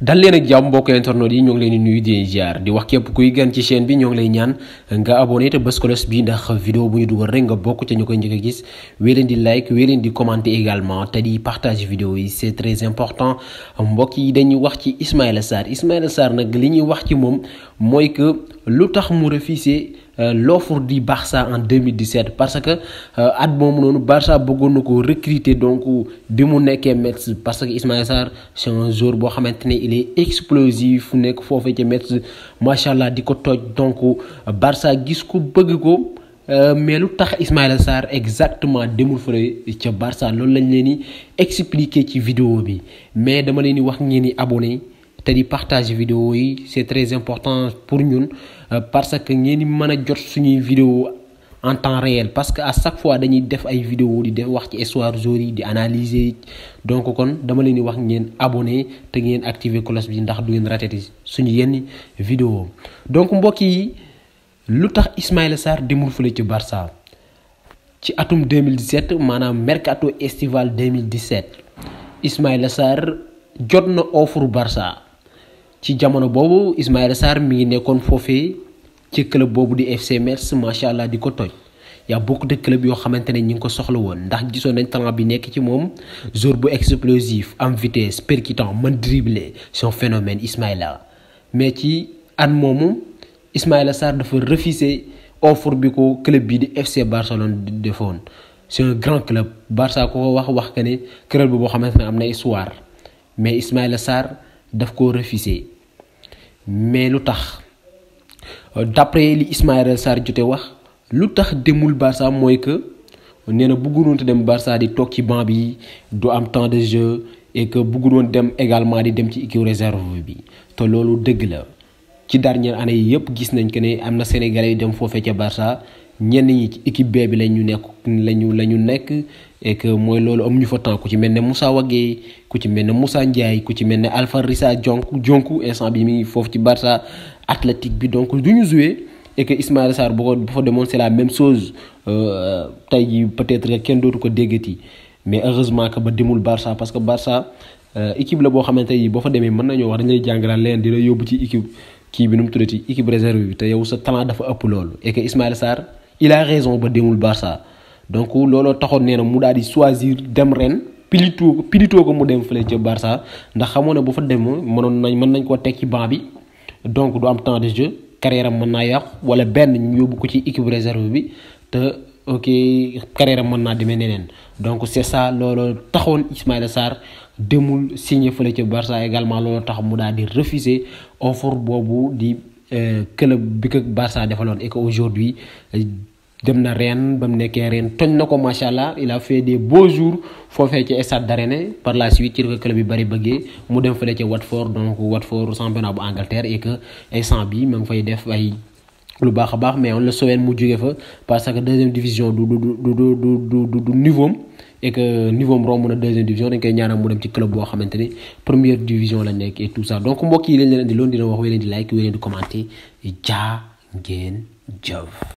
dal leen ak jàmm mbokk internet yi ñoo ngi leen di nuyu di ziar di wax képp kuy gën ci chaîne bi ñoo ngi lay ñaan nga abonné te bës bi ndax vidéo bu ñu dugal rek nga bokk ca ñu koy njëkk a gis wéy leen di like wéy leen di commenter également te di partage vidéo yi c'est très important mbokk yi dañuy wax ci Ismaïla Sarr Ismaïla Sarr nag li ñuy wax ci moom mooy que lu tax mu refusé euh, l'offre du Barça en 2017 parce que euh, at bon noonu Barça bëggoon ko recruter donc bi mu nekkee Metz parce que Ismaïla Sarr c'est un joueur bo xamante il est explosif nek fofé ci Metz machallah diko toj donc euh, Barça gis ko bëgg ko. mais lu tax Ismaïla Sarr exactement demul fële ci Barça loolu lañ leni expliquer ci vidéo bi mais dama leni wax ngeen abonné te di partage vidéo yi c'est très important pour ñun euh, parce que nous di mën jot suñu vidéo en temps réel parce que à chaque fois dañuy def ay vidéo di def wax ci histoire jour di analyser donc kon dama leen di wax ngeen abonné te ngeen activer cloche bi ndax du ngeen rater suñu yenn vidéo donc mbokk yi lu Ismaïla sar demul fële ci Barça ci atum 2017 le mercato estival 2017 Ismaïla sar jot na offre Barça ci jamono boobu Ismaïla Sarr mi ngi nekkoon foofee ci club boobu di FC Metz macha allah di ko toj a beaucoup de club yoo xamante ne ñi ngi ko soxla woon ndax gisoon nañ talent bi nekk ci moom jour bu explosif am vitesse percutant mën dribbler son phénomène Ismaïla mais ci an moomu Ismaïla Sarr dafa refuser offre bi ko club bi di FC Barcelone defoon c'est un grand club Barça ko ko wax wax que ne club boo xamante ne am na histoire mais Ismaïla Sarr daf koo refuser mais lu tax d'après li Ismaïla Sarr jote wax lu tax demul Barça mooy que nee na bëggul woon dem barsa di toog ci banc bi du am temps de jeu et que bëggul dem également di dem ci équipe réserve bi te loolu dëgg la ci dernière année yi yëpp gis nañ que ne am na sénégal yu dem foofee ca barsa ñenn ñi ci équipe B bi lañ ñu nekk lañu lañu nekk et que mooy loolu ñu fa temps ku ci mel ne Moussa Wagué ku ci mel ne Moussa Ndiaye ku ci mel ne Alpha Rissa Jonku Jonku instant bi mi ngi foofu ci Barça atlétique bi donc du ñu joué et que Ismaël Sarr bu ko bu fa demoon c'est la même chose euh, tey ji peut-être que kenn dootu ko déggati mais heureusement que ba demul Barça parce que Barça euh, équipe la boo xamante ni boo fa demee mën nañoo war dañ lay jàngalaat leneen di la yóbbu ci équipe kii bi nu mu tuddati équipe réserve bi te yow sa talent dafa ëpp loolu et que Ismaël Sarr il a raison ba demul Barça donc lolo taxone neena mu daal choisir dem ren pilitoo pilitoo ko mu dem fële ci Barça ndax xamone bu fa dem mënoon nañ mën nañ koo ci bi donc du am temps de jeu carrière am mën naa yàqu wala ben ñu yóbbu ko ci équipe réserve bi te ok carrière mën naa demee neneen donc c'est ça lolo taxone Ismaïla sar demul signé fële ci Barça également lolo tax mu daal refuser offre bobu di. Euh, club bi ko Barça defaloon et que aujourd'hui euh, dem na Rennes ba mu nekkee Rennes na ko macha allah il a fait des beaux jours foofee ci stade de par la suite ci la club yu bëri bëggee mu dem fële ca Watford donc Watford championnat bu Angleterre et que instant bi ma ngi fay def ay lu baax a baax mais on le souhaite mu jóge fa parce que deuxième division du du du du du du niveau et que niveau on na deuxième division dañ koy ñaanal mu dem ci club boo xamante ni première division la nekk et tout ça donc mbokk yi lañ leen di loolu dina wax wéy leen di like wéy di commenter ja ngeen jëf